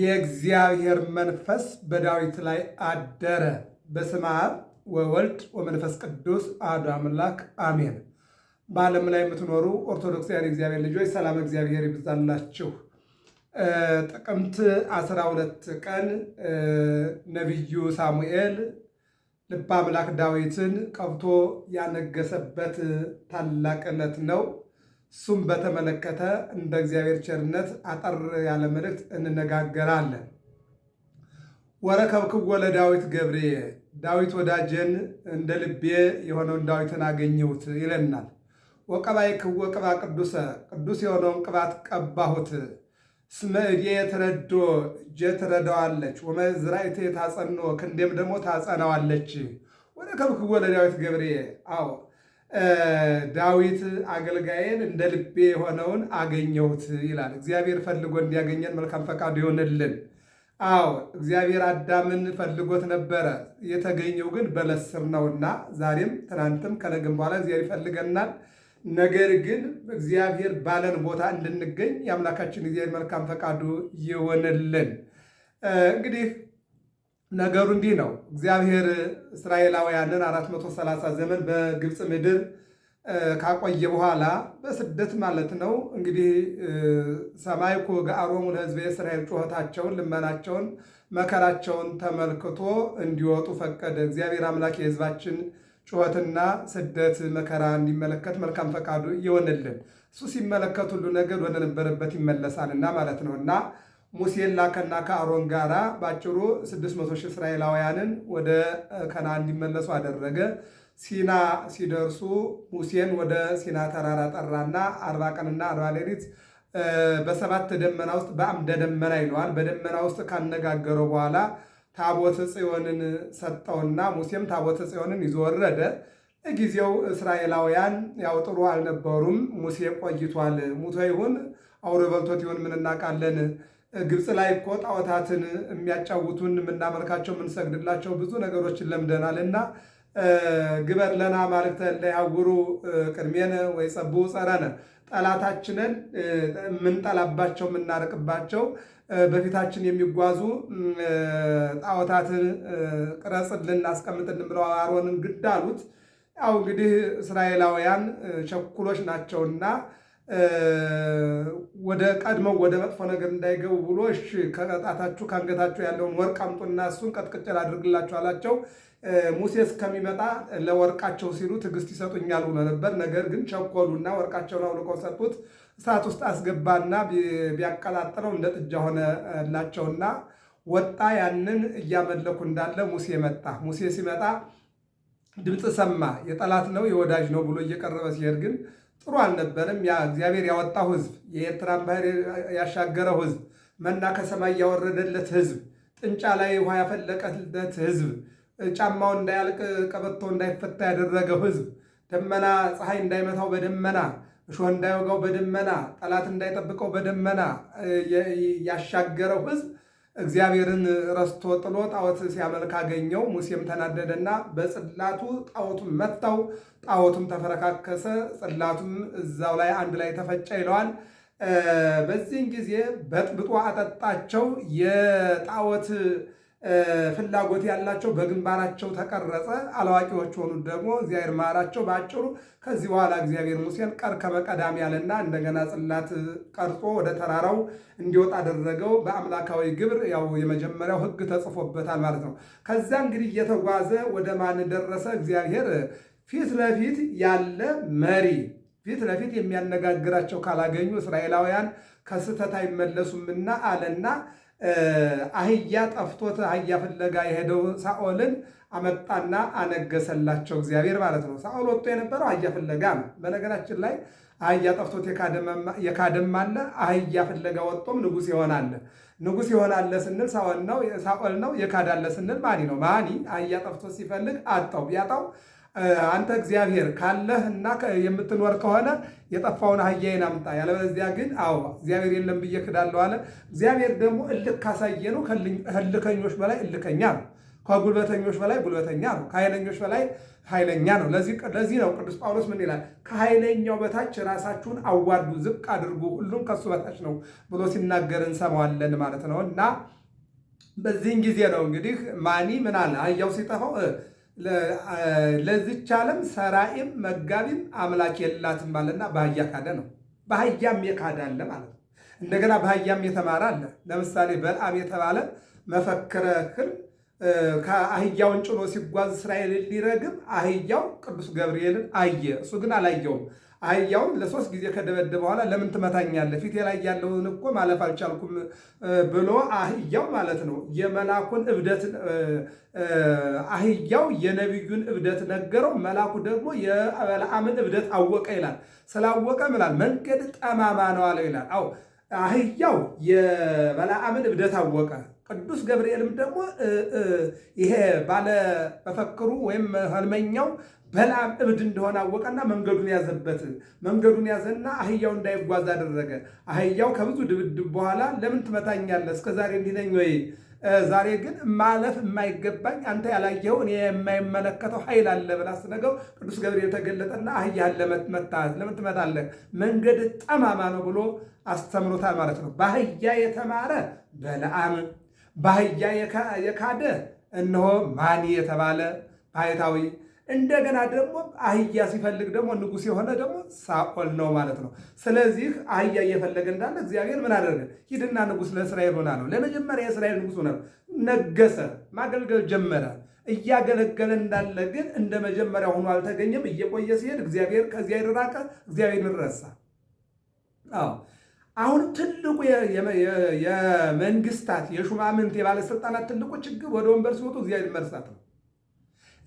የእግዚአብሔር መንፈስ በዳዊት ላይ አደረ። በስመ አብ ወወልድ ወመንፈስ ቅዱስ አሐዱ አምላክ አሜን። በዓለም ላይ የምትኖሩ ኦርቶዶክሳውያን እግዚአብሔር ልጆች ሰላም እግዚአብሔር ይብዛላችሁ። ጥቅምት 12 ቀን ነቢዩ ሳሙኤል ልበ አምላክ ዳዊትን ቀብቶ ያነገሰበት ታላቅነት ነው። እሱም በተመለከተ እንደ እግዚአብሔር ቸርነት አጠር ያለ መልእክት እንነጋገራለን። ወረከብክዎ ለዳዊት ገብርየ ዳዊት ወዳጀን እንደ ልቤ የሆነውን ዳዊትን አገኘሁት ይለናል። ወቀባይክዎ ቅባ ቅዱሰ፣ ቅዱስ የሆነውን ቅባት ቀባሁት። ስመ እዴ የተረዶ እጄ ትረዳዋለች። ወመዝራይቴ ታጸኖ፣ ክንዴም ደግሞ ታጸናዋለች። ወረከብክዎ ለዳዊት ገብርዬ። አዎ ዳዊት አገልጋዬን እንደ ልቤ የሆነውን አገኘሁት ይላል። እግዚአብሔር ፈልጎ እንዲያገኘን መልካም ፈቃዱ ይሆንልን። አዎ እግዚአብሔር አዳምን ፈልጎት ነበረ። የተገኘው ግን በለስ ስር ነውና ዛሬም ትናንትም ከነግም በኋላ እግዚአብሔር ይፈልገናል። ነገር ግን እግዚአብሔር ባለን ቦታ እንድንገኝ የአምላካችን እግዚአብሔር መልካም ፈቃዱ ይሆንልን። እንግዲህ ነገሩ እንዲህ ነው። እግዚአብሔር እስራኤላውያንን 430 ዘመን በግብፅ ምድር ካቆየ በኋላ በስደት ማለት ነው እንግዲህ ሰማይ ወገአሮሙን ሕዝበ እስራኤል ጩኸታቸውን፣ ልመናቸውን፣ መከራቸውን ተመልክቶ እንዲወጡ ፈቀደ። እግዚአብሔር አምላክ የሕዝባችን ጩኸትና ስደት መከራ እንዲመለከት መልካም ፈቃዱ ይሆንልን። እሱ ሲመለከት ሁሉ ነገር ወደ ነበረበት ይመለሳልና ማለት ነው እና ሙሴን ላከና ከአሮን ጋራ ባጭሩ 600 ሺህ እስራኤላውያንን ወደ ከነዓን እንዲመለሱ አደረገ። ሲና ሲደርሱ ሙሴን ወደ ሲና ተራራ ጠራና አርባ ቀንና አርባ ሌሊት በሰባት ደመና ውስጥ በአምደ ደመና ይለዋል። በደመና ውስጥ ካነጋገረው በኋላ ታቦተ ጽዮንን ሰጠውና ሙሴም ታቦተ ጽዮንን ይዞ ወረደ። እስራኤላውያን ያው ጥሩ አልነበሩም። ሙሴ ቆይቷል። ሙቶ ይሁን አውሮ በልቶት ይሁን ምን እናውቃለን። ግብፅ ላይ እኮ ጣዖታትን የሚያጫውቱን የምናመልካቸው የምንሰግድላቸው ብዙ ነገሮችን ለምደናል እና ግበር ለና አማልክተ እለ ቅድሜነ ወይ ጸቡ ጸረነ ጠላታችንን የምንጠላባቸው የምናርቅባቸው በፊታችን የሚጓዙ ጣዖታትን ቅረጽልን አስቀምጥልን ብለው አሮንን ግድ አሉት። ያው እንግዲህ እስራኤላውያን ቸኩሎች ናቸውና ወደ ቀድመው ወደ መጥፎ ነገር እንዳይገቡ ብሎ እሺ ከጣታችሁ ከአንገታችሁ ያለውን ወርቅ አምጡና እሱን ቀጥቅጭል አድርግላችሁ አላቸው። ሙሴ እስከሚመጣ ለወርቃቸው ሲሉ ትዕግስት ይሰጡኛል ብሎ ነበር። ነገር ግን ቸኮሉና ወርቃቸውን አውልቀው ሰጡት። እሳት ውስጥ አስገባና ቢያቀላጥለው እንደ ጥጃ ሆነላቸውና ወጣ። ያንን እያመለኩ እንዳለ ሙሴ መጣ። ሙሴ ሲመጣ ድምፅ ሰማ። የጠላት ነው የወዳጅ ነው ብሎ እየቀረበ ሲሄድ ግን ጥሩ አልነበረም። ያ እግዚአብሔር ያወጣው ህዝብ የኤርትራን ባህር ያሻገረው ህዝብ መና ከሰማይ ያወረደለት ህዝብ ጥንጫ ላይ ውሃ ያፈለቀለት ህዝብ ጫማው እንዳያልቅ ቀበቶ እንዳይፈታ ያደረገው ህዝብ ደመና ፀሐይ እንዳይመታው በደመና እሾህ እንዳይወጋው በደመና ጠላት እንዳይጠብቀው በደመና ያሻገረው ህዝብ። እግዚአብሔርን ረስቶ ጥሎ ጣዖት ሲያመልክ አገኘው። ሙሴም ተናደደና በጽላቱ ጣዖቱን መታው። ጣዖቱም ተፈረካከሰ፣ ጽላቱም እዛው ላይ አንድ ላይ ተፈጨ ይለዋል። በዚህን ጊዜ በጥብጦ አጠጣቸው የጣዖት ፍላጎት ያላቸው በግንባራቸው ተቀረጸ፣ አላዋቂዎች ሆኑ ደግሞ እግዚአብሔር ማራቸው። በአጭሩ ከዚህ በኋላ እግዚአብሔር ሙሴን ቀርከበ ቀዳም ያለና እንደገና ጽላት ቀርጾ ወደ ተራራው እንዲወጣ አደረገው። በአምላካዊ ግብር ያው የመጀመሪያው ሕግ ተጽፎበታል ማለት ነው። ከዛ እንግዲህ እየተጓዘ ወደ ማን ደረሰ? እግዚአብሔር ፊት ለፊት ያለ መሪ ፊት ለፊት የሚያነጋግራቸው ካላገኙ እስራኤላውያን ከስህተት አይመለሱምና አለና አህያ ጠፍቶት አህያ ፍለጋ የሄደው ሳኦልን አመጣና አነገሰላቸው እግዚአብሔር ማለት ነው። ሳኦል ወጥቶ የነበረው አህያ ፍለጋ ነው። በነገራችን ላይ አህያ ጠፍቶት የካደም አለ፣ አህያ ፍለጋ ወጥቶም ንጉሥ ይሆናል። ንጉሥ ይሆናል ስንል ሳኦል ነው፣ የካዳለ ስንል ማኒ ነው። ማኒ አህያ ጠፍቶት ሲፈልግ አጣው ቢያጣው አንተ እግዚአብሔር ካለህ እና የምትኖር ከሆነ የጠፋውን አህያዬን አምጣ፣ ያለበለዚያ ግን አዎ እግዚአብሔር የለም ብዬ ክዳለሁ አለ። እግዚአብሔር ደግሞ እልክ ካሳየ ነው ከእልከኞች በላይ እልከኛ ነው። ከጉልበተኞች በላይ ጉልበተኛ ነው። ከኃይለኞች በላይ ኃይለኛ ነው። ለዚህ ነው ቅዱስ ጳውሎስ ምን ይላል? ከኃይለኛው በታች ራሳችሁን አዋርዱ፣ ዝቅ አድርጉ፣ ሁሉም ከሱ በታች ነው ብሎ ሲናገር እንሰማዋለን ማለት ነው። እና በዚህን ጊዜ ነው እንግዲህ ማኒ ምን አለ አህያው ሲጠፋው ለዚች ዓለም ሰራይም መጋቢም አምላክ የላትም ባለና ባህያ ካደ ነው። ባህያም የካደ አለ ማለት ነው። እንደገና ባህያም የተማረ አለ። ለምሳሌ በልዓም የተባለ መፈክረ ሕልም ከአህያውን ጭኖ ሲጓዝ እስራኤልን ሊረግም አህያው ቅዱስ ገብርኤልን አየ። እሱ ግን አላየውም። አህያውን ለሶስት ጊዜ ከደበደበ በኋላ ለምን ትመታኛለህ? ፊቴ ላይ ያለውን እኮ ማለፍ አልቻልኩም ብሎ አህያው ማለት ነው የመላኩን እብደት አህያው የነቢዩን እብደት ነገረው። መላኩ ደግሞ የበለዓምን እብደት አወቀ ይላል። ስላወቀ ምላል መንገድ ጠማማ ነው አለው ይላል። አዎ አህያው የበለዓምን እብደት አወቀ። ቅዱስ ገብርኤልም ደግሞ ይሄ ባለ መፈክሩ ወይም ህልመኛው በላም እብድ እንደሆነ አወቀና መንገዱን ያዘበት። መንገዱን ያዘና አህያው እንዳይጓዝ አደረገ። አህያው ከብዙ ድብድብ በኋላ ለምን ትመታኛለህ? እስከዛሬ እንዲህ ነኝ ወይ? ዛሬ ግን ማለፍ የማይገባኝ አንተ ያላየኸው እኔ የማይመለከተው ኃይል አለ ብለህ ስትነግረው ቅዱስ ገብርኤል ተገለጠና አህያህን ለምን ትመታለህ? መንገድ ጠማማ ነው ብሎ አስተምሮታል ማለት ነው። በአህያ የተማረ በለዓም ባህያ የካደ እነሆ ማን የተባለ ባህታዊ እንደገና ደግሞ አህያ ሲፈልግ ደግሞ ንጉሥ የሆነ ደግሞ ሳኦል ነው ማለት ነው። ስለዚህ አህያ እየፈለገ እንዳለ እግዚአብሔር ምን አደረገ? ሂድና ንጉሥ ለእስራኤል ሆና ነው። ለመጀመሪያ የእስራኤል ንጉሥ ሆነ፣ ነገሰ፣ ማገልገል ጀመረ። እያገለገለ እንዳለ ግን እንደ መጀመሪያ ሆኖ አልተገኘም። እየቆየ ሲሄድ እግዚአብሔር ከዚያ ይራቀ፣ እግዚአብሔር ይረሳ። አዎ አሁን ትልቁ የመንግስታት የሹማምንት የባለስልጣናት ትልቁ ችግር ወደ ወንበር ሲወጡ እግዚአብሔር መርሳት ነው።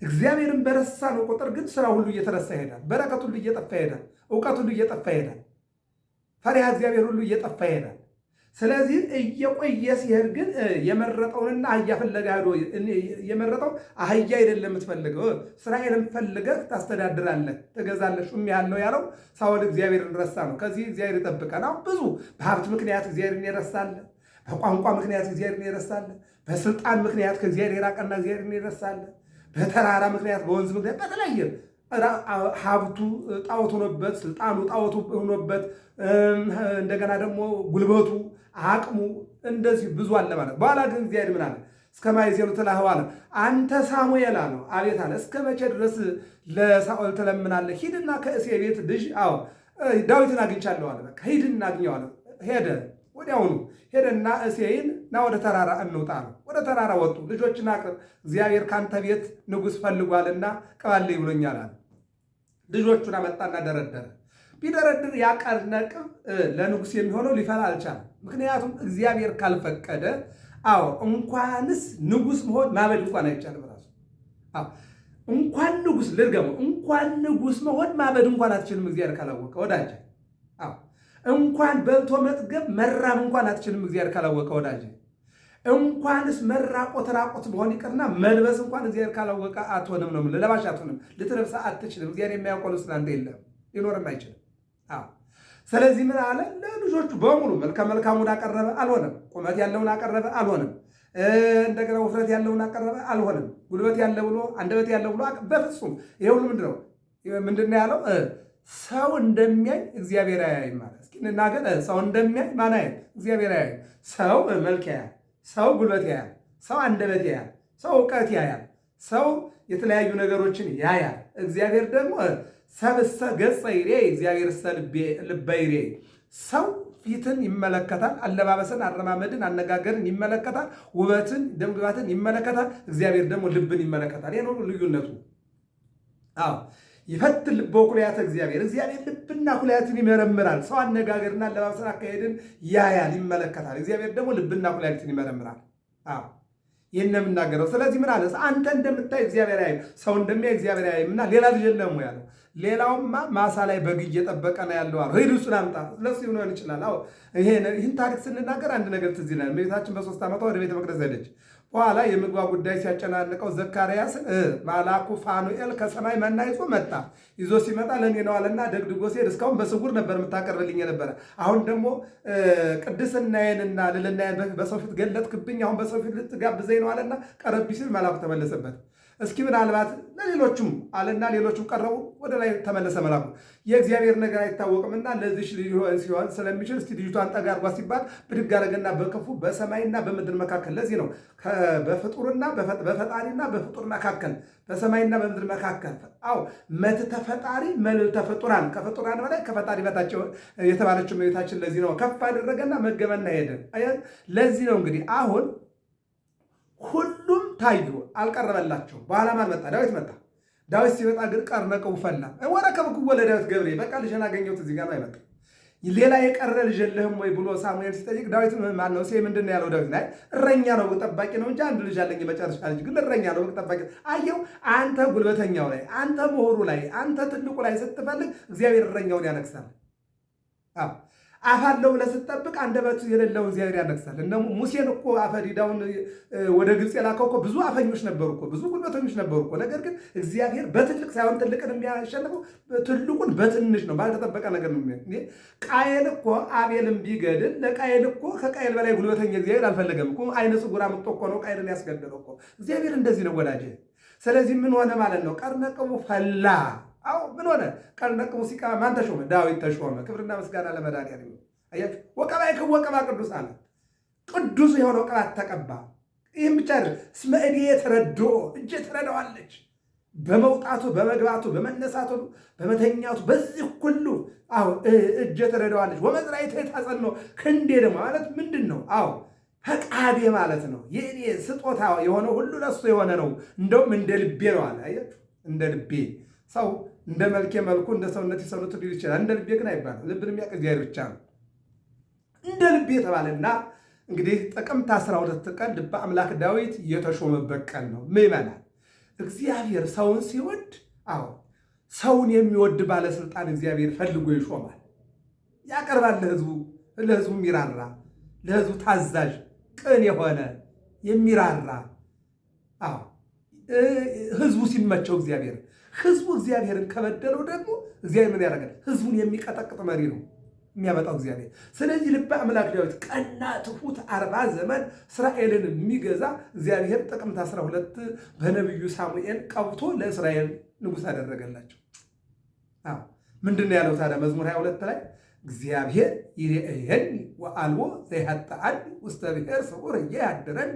እግዚአብሔርን በረሳ ነው ቁጥር ግን ስራ ሁሉ እየተረሳ ይሄዳል። በረከት ሁሉ እየጠፋ ይሄዳል። እውቀት ሁሉ እየጠፋ ይሄዳል። ፈሪሃ እግዚአብሔር ሁሉ እየጠፋ ይሄዳል። ስለዚህ እየቆየ ሲሄድ ግን የመረጠውንና አህያ ፍለጋ የመረጠው አህያ አይደለም የምትፈልገው እስራኤልን ፈልገህ ታስተዳድራለህ፣ ትገዛለህ ሹም ያለው ያለው ሳውል እግዚአብሔርን ረሳ ነው። ከዚህ እግዚአብሔር ይጠብቀን። ብዙ በሀብት ምክንያት እግዚአብሔርን ይረሳል። በቋንቋ ምክንያት እግዚአብሔርን ይረሳል። በስልጣን ምክንያት ከእግዚአብሔር የራቀና እግዚአብሔርን ይረሳል። በተራራ ምክንያት፣ በወንዝ ምክንያት፣ በተለያየ ሀብቱ ጣዖት ሆኖበት፣ ስልጣኑ ጣዖት ሆኖበት፣ እንደገና ደግሞ ጉልበቱ አቅሙ እንደዚህ ብዙ አለ ማለት። በኋላ ግን እግዚአብሔር ምን አለ? እስከ ማይዜሉ ትላኸው አለ። አንተ ሳሙኤል አለ። አቤት አለ። እስከ መቼ ድረስ ለሳኦል ትለምናለህ? ሂድና ከእሴ ቤት ልጅ አዎ ዳዊትን አግኝቻለሁ አለ። በቃ ሂድና አግኘው አለ። ሄደ። ወዲያውኑ ሄደና እሴይን ና ወደ ተራራ እንውጣ ነው። ወደ ተራራ ወጡ። ልጆችን አቅርብ፣ እግዚአብሔር ካንተ ቤት ንጉሥ ፈልጓልና ቅባልኝ ብሎኛል አለ። ልጆቹን አመጣና ደረደረ። ቢደረድር ያቀርነቅብ ለንጉሥ የሚሆነው ሊፈላ አልቻለም። ምክንያቱም እግዚአብሔር ካልፈቀደ፣ አዎ እንኳንስ ንጉስ መሆን ማበድ እንኳን አይቻልም። ራሱ እንኳን ንጉስ ልድገመው፣ እንኳን ንጉስ መሆን ማበድ እንኳን አትችልም እግዚአብሔር ካላወቀ ወዳጅ። እንኳን በልቶ መጥገብ መራብ እንኳን አትችልም እግዚአብሔር ካላወቀ ወዳጅ። እንኳንስ መራቆት ራቆት መሆን ይቅርና መልበስ እንኳን እግዚአብሔር ካላወቀ አትሆንም ነው። ለለባሽ አትሆንም፣ ልትለብሰ አትችልም። እግዚአብሔር የሚያውቀው ስለአንተ የለም፣ ሊኖርም አይችልም። ስለዚህ ምን አለ? ለልጆቹ በሙሉ መልከ መልካሙን አቀረበ፣ አልሆነም። ቁመት ያለውን አቀረበ፣ አልሆነም። እንደገና ውፍረት ያለውን አቀረበ፣ አልሆነም። ጉልበት ያለ ብሎ አንደበት ያለ ብሎ በፍጹም ይሄ ሁሉ ምንድነው ምንድነው ያለው? ሰው እንደሚያይ እግዚአብሔር አያይም ማለት እስኪ እናገር። ሰው እንደሚያይ ማን ያያል? እግዚአብሔር አያይም። ሰው መልክ ያያል፣ ሰው ጉልበት ያያል፣ ሰው አንደበት ያያል፣ ሰው እውቀት ያያል፣ ሰው የተለያዩ ነገሮችን ያያል። እግዚአብሔር ደግሞ ሰብእሰ ገጸ ይሬ እግዚአብሔር እሰ ልበ ይሬ ሰው ፊትን ይመለከታል፣ አለባበስን፣ አረማመድን፣ አነጋገርን ይመለከታል፣ ውበትን፣ ደምግባትን ይመለከታል። እግዚአብሔር ደግሞ ልብን ይመለከታል። ይህ ነው ልዩነቱ። አዎ ይፈትን ልበ ኩልያተ እግዚአብሔር እግዚአብሔር ልብና ኩልያትን ይመረምራል። ሰው አነጋገርና አለባበስን፣ አካሄድን ያያል፣ ይመለከታል። እግዚአብሔር ደግሞ ልብና ኩልያትን ይመረምራል። አዎ ይህን የምናገረው ስለዚህ ምን አለ? አንተ እንደምታይ እግዚአብሔር ያይም፣ ሰው እንደሚያይ እግዚአብሔር ያይም እና ሌላ ልጅ የለም ያለው ሌላውማ ማሳ ላይ በግ እየጠበቀ ነው ያለው። አሉ። ሂድ እሱን አምጣ። ለሱ ሊሆን ይችላል። አዎ ይህን ታሪክ ስንናገር አንድ ነገር ትዝ ይላል። እመቤታችን በሶስት ዓመቷ ወደ ቤተ መቅደስ ሄደች። በኋላ የምግባ ጉዳይ ሲያጨናንቀው ዘካርያስ መልአኩ ፋኑኤል ከሰማይ መና ይዞ መጣ። ይዞ ሲመጣ ለእኔ ነው አለና ደግድጎ ሲሄድ እስካሁን በስውር ነበር የምታቀርብልኝ የነበረ፣ አሁን ደግሞ ቅድስናዬንና ልልናዬን በሰው ፊት ገለጥክብኝ፣ አሁን በሰው ፊት ልትጋብዘኝ ነው አለና ቀረቢ ሲል መልአኩ ተመለሰበት። እስኪ ምናልባት ለሌሎቹም አለና ሌሎቹም ቀረቡ። ወደ ላይ ተመለሰ መላኩ። የእግዚአብሔር ነገር አይታወቅምና ለዚች ልጅ ሲሆን ስለሚችል እስቲ ልጅቷን ጠጋ አርጓ ሲባል ብድግ አደረገና በክፉ በሰማይና በምድር መካከል ለዚህ ነው በፍጡርና በፈጣሪና በፍጡር መካከል በሰማይና በምድር መካከል አው መት ተፈጣሪ መልዕልተ ፍጡራን ከፍጡራን በላይ ከፈጣሪ በታቸው የተባለችው መቤታችን ለዚህ ነው ከፍ አደረገና መገመና ሄደ። ለዚህ ነው እንግዲህ አሁን ሁሉም ታዩ፣ አልቀረበላቸው። በኋላ ማን መጣ? ዳዊት መጣ። ዳዊት ሲመጣ ግን ቀርነ ቅቡ ፈላ ወረከብክዎ ለዳዊት ገብሬ፣ በቃ ልጅን አገኘሁት እዚህ ጋር አይመጣ ሌላ የቀረ ልጅ የለህም ወይ ብሎ ሳሙኤል ሲጠይቅ ዳዊት ማን ነው ሴ ምንድን ያለው? ዳዊት ላይ እረኛ ነው ጠባቂ ነው እንጂ አንድ ልጅ አለኝ የመጨረሻ ልጅ ግን እረኛ ነው ጠባቂ። አየው አንተ ጉልበተኛው ላይ፣ አንተ ምሁሩ ላይ፣ አንተ ትልቁ ላይ ስትፈልግ እግዚአብሔር እረኛውን ያነግሳል። አፋለው ብለህ ስትጠብቅ አንደበት የሌለውን እግዚአብሔር ያነግሳል። እነ ሙሴን እኮ አፈዲዳውን ወደ ግብፅ የላከው እኮ ብዙ አፈኞች ነበሩ እኮ ብዙ ጉልበተኞች ነበሩ እኮ። ነገር ግን እግዚአብሔር በትልቅ ሳይሆን ትልቅን የሚያሸንፈው ትልቁን በትንሽ ነው። ባልተጠበቀ ነገር ነው። ቃየል እኮ አቤልን ቢገድል ለቃየል እኮ ከቃየል በላይ ጉልበተኛ እግዚአብሔር አልፈለገም እኮ። አይነ ጽጉራ ምጦ እኮ ነው ቃየልን ያስገደለው እኮ። እግዚአብሔር እንደዚህ ነው ወዳጅ። ስለዚህ ምን ሆነ ማለት ነው? ቀርነቅሙ ፈላ አዎ ምን ሆነ? ቀርነቅ ሙዚቃ ማን ተሾመ? ዳዊት ተሾመ። ክብርና ምስጋና ለመድኃኒዓለም። አያችሁ ወቀባይክ ወቀባ ቅዱስ አለ። ቅዱስ የሆነው ቅባት ተቀባ። ይህም ብቻ አይደለም፣ እስመ እድየ ተረድኦ፣ እጄ ትረዳዋለች። በመውጣቱ በመግባቱ በመነሳቱ በመተኛቱ በዚህ ሁሉ አዎ እጄ ትረዳዋለች። ወመዝራዕተ ታጸንኦ ክንዴ ደግሞ ማለት ምንድን ነው? አዎ ፈቃዴ ማለት ነው። የእኔ ስጦታ የሆነ ሁሉ ለሱ የሆነ ነው። እንደውም እንደ ልቤ ነው አለ። አያችሁ እንደ ልቤ ሰው እንደ መልኬ መልኩ እንደ ሰውነት የሰውነቱ ሊል ይችላል። እንደ ልቤ ግን አይባልም። ልብን የሚያውቅ እግዚአብሔር ብቻ ነው። እንደ ልቤ የተባለና እንግዲህ ጥቅምት ሁለት ቀን ልበ አምላክ ዳዊት የተሾመበት ቀን ነው። ምን እግዚአብሔር ሰውን ሲወድ፣ አዎ ሰውን የሚወድ ባለስልጣን እግዚአብሔር ፈልጎ ይሾማል፣ ያቀርባል። ለህዝቡ ለህዝቡ የሚራራ ለህዝቡ ታዛዥ ቅን የሆነ የሚራራ አዎ ህዝቡ ሲመቸው እግዚአብሔር ህዝቡ እግዚአብሔርን ከበደለው ደግሞ እግዚአብሔር ምን ያደረገ ህዝቡን የሚቀጠቅጥ መሪ ነው የሚያመጣው እግዚአብሔር። ስለዚህ ልበ አምላክ ዳዊት ቀና ትሑት አርባ ዘመን እስራኤልን የሚገዛ እግዚአብሔር ጥቅምት 12 በነቢዩ ሳሙኤል ቀብቶ ለእስራኤል ንጉሥ አደረገላቸው። ምንድን ነው ያለው ታዲያ? መዝሙር 22 ላይ እግዚአብሔር ይሬእየኒ ወአልቦ ዘይሃጠአኒ ውስተ ብሔር ስዑር እየ ያድረኒ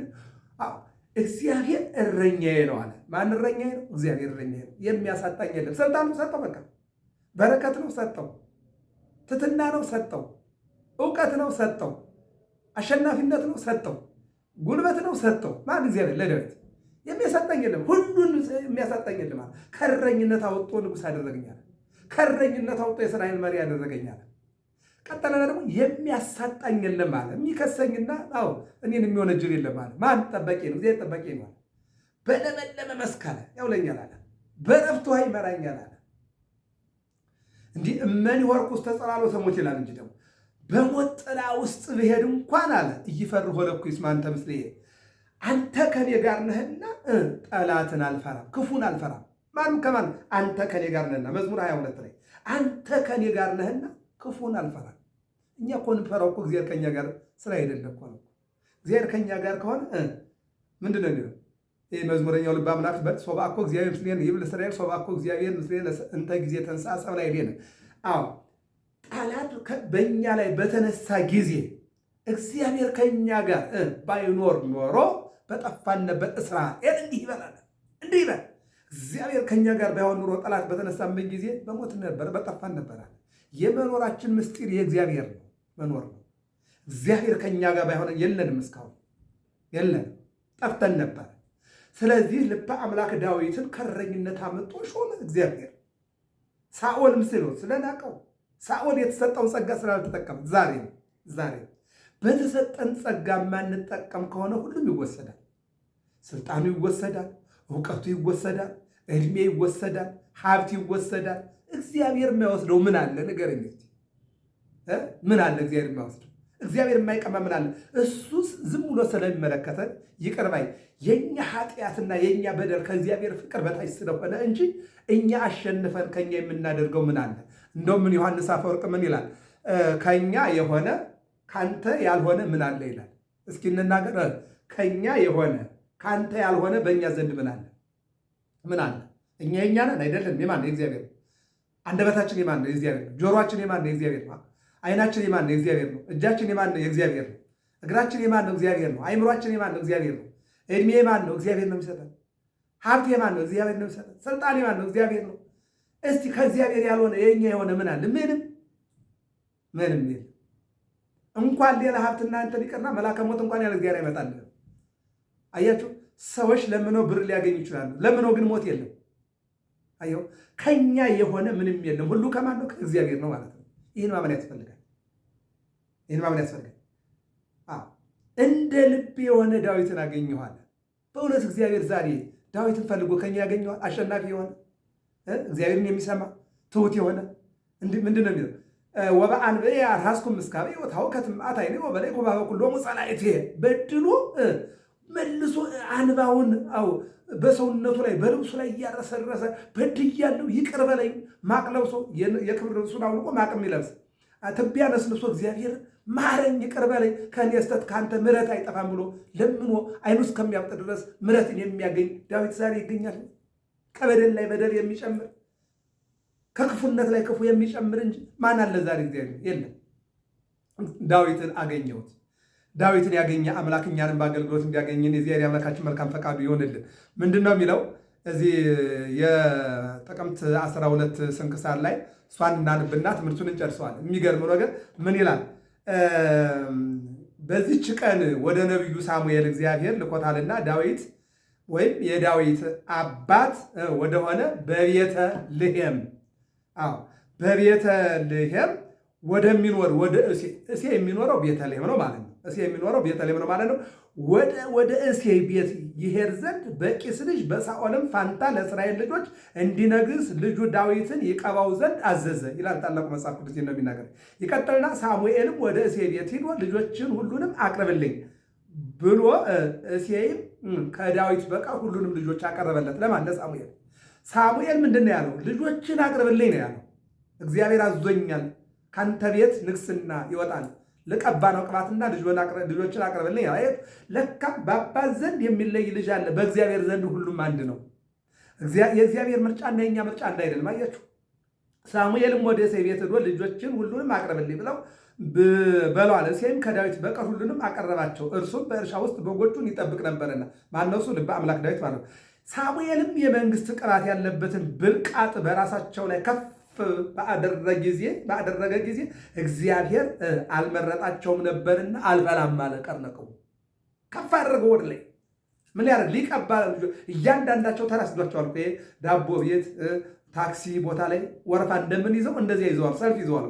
እግዚአብሔር እረኛዬ ነው አለ። ማን እረኛዬ ነው? እግዚአብሔር እረኛዬ ነው፣ የሚያሳጣኝ የለም። ስልጣኑ ሰጠው፣ በቃ በረከት ነው ሰጠው፣ ትትና ነው ሰጠው፣ እውቀት ነው ሰጠው፣ አሸናፊነት ነው ሰጠው፣ ጉልበት ነው ሰጠው። ማን? እግዚአብሔር ለዳዊት የሚያሳጣኝ የለም፣ ሁሉን የሚያሳጣኝ የለም አለ። ከእረኝነት አውጥቶ ንጉሥ አደረገኛል። ከእረኝነት አውጥቶ የእስራኤል መሪ አደረገኛል። ቀጠለና ደግሞ የሚያሳጣኝ የለም አለ። የሚከሰኝና አዎ እኔን የሚወነጅል የለም አለ። ማን ጠበቂ ነው? እግዚአብሔር ጠበቂ ነው። በለመለመ መስክ አለ ያውለኛል አለ። በረፍቱ ውሃ ይመራኛል አለ። እንዲህ እመኒ ወርቅ ውስጥ ተጸላሎ ሰሞች ይላል እንጂ ደግሞ በሞት ጥላ ውስጥ ብሄድ እንኳን አለ እይፈር ለኩ ይስማ ምስል ይሄ አንተ ከኔ ጋር ነህና ጠላትን አልፈራም፣ ክፉን አልፈራም። ማንም ከማን አንተ ከኔ ጋር ነህና መዝሙር 22 ላይ አንተ ከኔ ጋር ነህና ክፉን አልፈራም። እኛ እኮ እንፈራው እኮ እግዚአብሔር ከኛ ጋር ስራ አይደለ እኮ ነው። እግዚአብሔር ከኛ ጋር ከሆነ ምንድን ነው የሚለው? ይህ መዝሙረኛው ልበ አምላክ ሶባ እኮ እግዚአብሔር ምስሌነ ይብል እስራኤል ሶባ እኮ እግዚአብሔር ምስሌነ እንተ ጊዜ ተንሳ ላይ ይሌነ። አዎ ጠላት በእኛ ላይ በተነሳ ጊዜ እግዚአብሔር ከኛ ጋር ባይኖር ኖሮ በጠፋን ነበር። እስራኤል እንዲህ ይበላል እንዲህ ይበል እግዚአብሔር ከኛ ጋር ባይሆን ኖሮ ጠላት በተነሳበት ጊዜ በሞት ነበር፣ በጠፋን ነበራል። የመኖራችን ምስጢር የእግዚአብሔር ነው። መኖር ነው። እግዚአብሔር ከእኛ ጋር ባይሆነ የለንም፣ እስካሁን የለንም፣ ጠፍተን ነበር። ስለዚህ ልበ አምላክ ዳዊትን ከረኝነት አመጦ ሾመ እግዚአብሔር። ሳኦል ምስል ነው ስለናቀው፣ ሳኦል የተሰጠውን ጸጋ ስላልተጠቀም ዛሬ ዛሬ በተሰጠን ጸጋ የማንጠቀም ከሆነ ሁሉም ይወሰዳል። ስልጣኑ ይወሰዳል፣ እውቀቱ ይወሰዳል፣ እድሜ ይወሰዳል፣ ሀብት ይወሰዳል። እግዚአብሔር የማይወስደው ምን አለ ንገረኝ? ምን አለ እግዚአብሔር የማይወስድ እግዚአብሔር የማይቀማ ምን አለ? እሱስ ዝም ብሎ ስለሚመለከተን ይቅር ባይ የእኛ ኃጢአትና የእኛ በደል ከእግዚአብሔር ፍቅር በታች ስለሆነ እንጂ እኛ አሸንፈን ከኛ የምናደርገው ምን አለ? እንደው ምን ዮሐንስ አፈወርቅ ምን ይላል? ከኛ የሆነ ካንተ ያልሆነ ምን አለ ይላል። እስኪ እንናገር። ከኛ የሆነ ካንተ ያልሆነ በእኛ ዘንድ ምን አለ? ምን አለ? እኛ የኛ ነን አይደለም። የማን የእግዚአብሔር አንደበታችን የማን ነው? የእግዚአብሔር ነው። ጆሮአችን የማን ነው? የእግዚአብሔር ነው። አይናችን የማን ነው? እግዚአብሔር ነው። እጃችን የማን ነው? እግዚአብሔር ነው። እግራችን የማን ነው? እግዚአብሔር ነው። አይምሯችን የማን ነው? እግዚአብሔር ነው። እድሜ የማን ነው? እግዚአብሔር ነው የሚሰጠን። ሀብት የማን ነው? እግዚአብሔር ነው የሚሰጠን። ስልጣን የማን ነው? እግዚአብሔር ነው። እስቲ ከእግዚአብሔር ያልሆነ የኛ የሆነ ምን አለ? ምንም ምንም የለም። እንኳን ሌላ ሀብትና እንትን ይቅርና መላከ ሞት እንኳን ያለ እግዚአብሔር አይመጣል። አያችሁ፣ ሰዎች ለምነው ብር ሊያገኙ ይችላሉ። ለምነው ግን ሞት የለም። አየው፣ ከኛ የሆነ ምንም የለም። ሁሉ ከማን ነው? ከእግዚአብሔር ነው ማለት ነው። ይህን ማመን ያስፈልጋል። ይህን ማመን ያስፈልጋል። እንደ ልብ የሆነ ዳዊትን አገኘኋል። በእውነት እግዚአብሔር ዛሬ ዳዊትን ፈልጎ ከኛ ያገኘዋል። አሸናፊ የሆነ እግዚአብሔርን የሚሰማ ትሁት የሆነ ምንድን ነው የሚለው ወበአንብዕ አርሃስኩም ምስካበ ወታው ከትምአት አይ በላይ ኮባበ ኩሎሙ ጸላይት በድሉ መልሶ አንባውን አው በሰውነቱ ላይ በልብሱ ላይ እያረሰረሰ በድያለሁ ይቅር በለኝ ማቅ ለብሶ የክብር ልብሱን አውልቆ ማቅ የሚለብስ ትቢያ ልብሶ እግዚአብሔር ማረኝ ይቅር በለኝ ከእኔ ስተት ከአንተ ምረት አይጠፋም ብሎ ለምኖ አይኑ እስከሚያብጥ ድረስ ምረትን የሚያገኝ ዳዊት ዛሬ ይገኛል። ከበደል ላይ በደል የሚጨምር ከክፉነት ላይ ክፉ የሚጨምር እንጂ ማን አለ ዛሬ? እግዚአብሔር የለም። ዳዊትን አገኘሁት። ዳዊትን ያገኘ አምላክ እኛንም በአገልግሎት እንዲያገኝ የእግዚአብሔር አምላካችን መልካም ፈቃዱ ይሆንልን። ምንድን ነው የሚለው እዚህ የጥቅምት 12 ስንክሳር ላይ እሷን እናንብና ትምህርቱን እንጨርሰዋል። የሚገርም ነገር ምን ይላል? በዚች ቀን ወደ ነቢዩ ሳሙኤል እግዚአብሔር ልኮታልና ዳዊት ወይም የዳዊት አባት ወደሆነ በቤተ ልሔም በቤተ ልሔም ወደሚኖር ወደ እሴ የሚኖረው ቤተ ልሔም ነው ማለት ነው። እሴ የሚኖረው ቤተልሔም ነው ማለት ነው። ወደ እሴ ቤት ይሄድ ዘንድ በቂስ ልጅ በሳኦልም ፋንታ ለእስራኤል ልጆች እንዲነግስ ልጁ ዳዊትን ይቀባው ዘንድ አዘዘ ይላል ታላቁ መጽሐፍ ቅዱስ ነው የሚናገር። ይቀጥልና ሳሙኤልም ወደ እሴ ቤት ሂዶ ልጆችን ሁሉንም አቅርብልኝ ብሎ እሴይም ከዳዊት በቀር ሁሉንም ልጆች አቀረበለት። ለማን? ለሳሙኤል። ሳሙኤል ምንድን ነው ያለው? ልጆችን አቅርብልኝ ነው ያለው። እግዚአብሔር አዞኛል፣ ካንተ ቤት ንግስና ይወጣል ልቀባ ነው ቅባትና ልጆችን አቅርብልኝ። አየት ለካ በአባት ዘንድ የሚለይ ልጅ አለ። በእግዚአብሔር ዘንድ ሁሉም አንድ ነው። የእግዚአብሔር ምርጫና የኛ ምርጫ አንድ አይደለም። አያችሁ ሳሙኤልም ወደ እሴይ ቤት ሄዶ ልጆችን ሁሉንም አቅርብልኝ ብለው በለዋል። እሴይም ከዳዊት በቀር ሁሉንም አቀረባቸው። እርሱም በእርሻ ውስጥ በጎቹን ይጠብቅ ነበርና ማነው ልበ አምላክ ዳዊት ማለት ነው። ሳሙኤልም የመንግስት ቅባት ያለበትን ብልቃጥ በራሳቸው ላይ ከፍ ባደረገ ጊዜ ባደረገ ጊዜ እግዚአብሔር አልመረጣቸውም ነበርና አልበላም ማለ ቀርነቀው ከፍ አደረገው ወደ ላይ ምን ያደርግ ሊቀባ እያንዳንዳቸው ተራ ስዷቸዋል። ዳቦ ቤት፣ ታክሲ ቦታ ላይ ወረፋ እንደምን ይዘው እንደዚያ ይዘዋል። ሰልፍ ይዘዋል።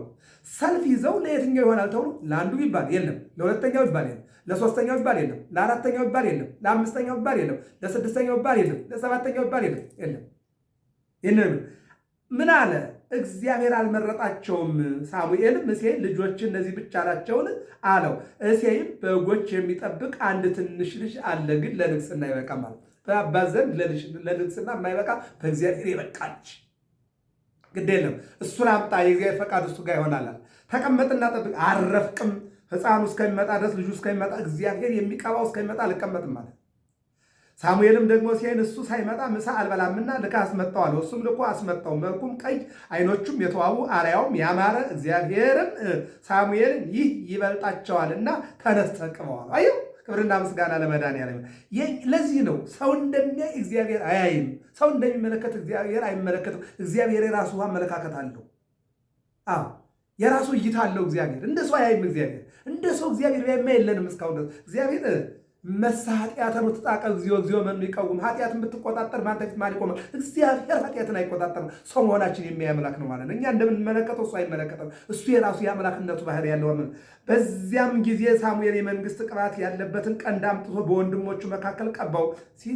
ሰልፍ ይዘው ለየትኛው ይሆናል ተብሎ ለአንዱ ይባል የለም፣ ለሁለተኛው ይባል የለም፣ ለሶስተኛው ይባል የለም፣ ለአራተኛው ይባል የለም፣ ለአምስተኛው ይባል የለም፣ ለስድስተኛው ይባል የለም፣ ለሰባተኛው ይባል የለም የለም። ይህንን ምን አለ እግዚአብሔር አልመረጣቸውም። ሳሙኤልም እሴይ ልጆች እነዚህ ብቻ ናቸውን አለው። እሴይም በጎች የሚጠብቅ አንድ ትንሽ ልጅ አለ፣ ግን ለንግስና ይበቃም አለ። በአባት ዘንድ ለንግስና የማይበቃ በእግዚአብሔር ይበቃች ግድ የለም እሱን አምጣ፣ የእግዚአብሔር ፈቃድ እሱ ጋር ይሆናል። ተቀመጥና ጠብቅ፣ አረፍቅም ህፃኑ እስከሚመጣ ድረስ ልጁ እስከሚመጣ እግዚአብሔር የሚቀባው እስከሚመጣ አልቀመጥም ማለት ሳሙኤልም ደግሞ ሲሄን እሱ ሳይመጣ ምሳ አልበላምና ልከ አስመጣው አለው። እሱም ልኮ አስመጣው። መልኩም ቀይ፣ አይኖቹም የተዋቡ አርያውም ያማረ፣ እግዚአብሔርም ሳሙኤልን ይህ ይበልጣቸዋልና ተነስተቅበዋል። አየው ክብርና ምስጋና ለመድኃኒዓለም። ለዚህ ነው ሰው እንደሚያይ እግዚአብሔር አያይም፣ ሰው እንደሚመለከት እግዚአብሔር አይመለከትም። እግዚአብሔር የራሱ አመለካከት አለው። አዎ የራሱ እይታ አለው እግዚአብሔር። እንደ ሰው አያይም እግዚአብሔር። እንደ ሰው እግዚአብሔር ያማ የለንም እስካሁን እግዚአብሔር መሳ ኃጢአተን ውትጣቀብ እግዚኦ እግዚኦ መኑ ይቃወም ኃጢአትን ብትቆጣጠር በአንተ ፊት ማን ይቆማል? እግዚአብሔር ኃጢአትን አይቆጣጠርም። ሰው መሆናችን የሚያይ አምላክ ነው ማለት ነው። እኛ እንደምንመለከተው እሱ አይመለከተም። እሱ የራሱ የአምላክነቱ ባህሪ ያለው ነው። በዚያም ጊዜ ሳሙኤል የመንግስት ቅባት ያለበትን ቀንድ አምጥቶ በወንድሞቹ መካከል ቀባው።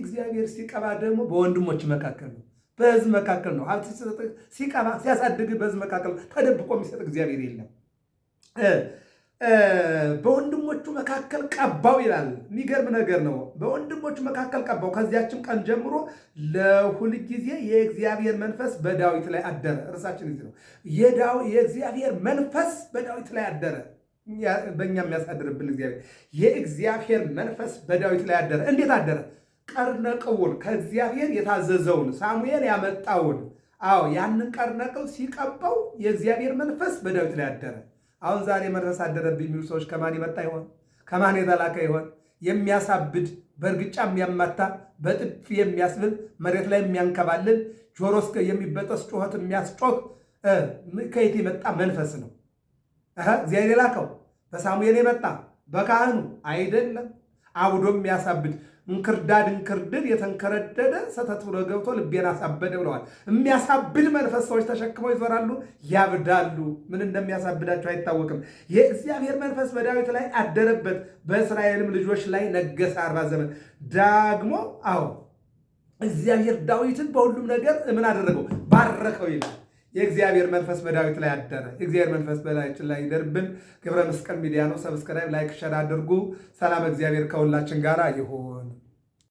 እግዚአብሔር ሲቀባ ደግሞ በወንድሞቹ መካከል ነው፣ በህዝብ መካከል ነው። ሀብት ሲቀባ ሲያሳድግ በህዝብ መካከል ተደብቆ የሚሰጥ እግዚአብሔር የለም። በወንድሞቹ መካከል ቀባው ይላል። የሚገርም ነገር ነው። በወንድሞቹ መካከል ቀባው። ከዚያችም ቀን ጀምሮ ለሁል ጊዜ የእግዚአብሔር መንፈስ በዳዊት ላይ አደረ። እርሳችን ነው የእግዚአብሔር መንፈስ በዳዊት ላይ አደረ። በእኛ የሚያሳድርብን እግዚአብሔር የእግዚአብሔር መንፈስ በዳዊት ላይ አደረ። እንዴት አደረ? ቀርነቅውን ከእግዚአብሔር የታዘዘውን ሳሙኤል ያመጣውን፣ አዎ ያንን ቀርነቅው ሲቀባው የእግዚአብሔር መንፈስ በዳዊት ላይ አደረ። አሁን ዛሬ መድረስ አደረብኝ የሚሉ ሰዎች ከማን የመጣ ይሆን? ከማን የተላከ ይሆን? የሚያሳብድ በእርግጫ የሚያማታ በጥፊ የሚያስብል መሬት ላይ የሚያንከባልል ጆሮ እስከ የሚበጠስ ጩኸት የሚያስጮህ ከየት የመጣ መንፈስ ነው? እግዚአብሔር የላከው በሳሙኤል የመጣ በካህኑ አይደለም። አብዶ የሚያሳብድ እንክርዳድ እንክርድድ የተንከረደደ ሰተት ብሎ ገብቶ ልቤን አሳበደ ብለዋል። የሚያሳብድ መንፈስ ሰዎች ተሸክመው ይዞራሉ፣ ያብዳሉ። ምን እንደሚያሳብዳቸው አይታወቅም። የእግዚአብሔር መንፈስ በዳዊት ላይ አደረበት፣ በእስራኤልም ልጆች ላይ ነገሰ አርባ ዘመን። ዳግሞ አዎ እግዚአብሔር ዳዊትን በሁሉም ነገር ምን አደረገው? ባረከው ይላል። የእግዚአብሔር መንፈስ በዳዊት ላይ አደረ። የእግዚአብሔር መንፈስ በላያችን ላይ ይደርብን። ግብረ መስቀል ሚዲያ ነው። ሰብስክራይብ፣ ላይክ፣ ሸር አድርጉ። ሰላም፣ እግዚአብሔር ከሁላችን ጋር ይሁን።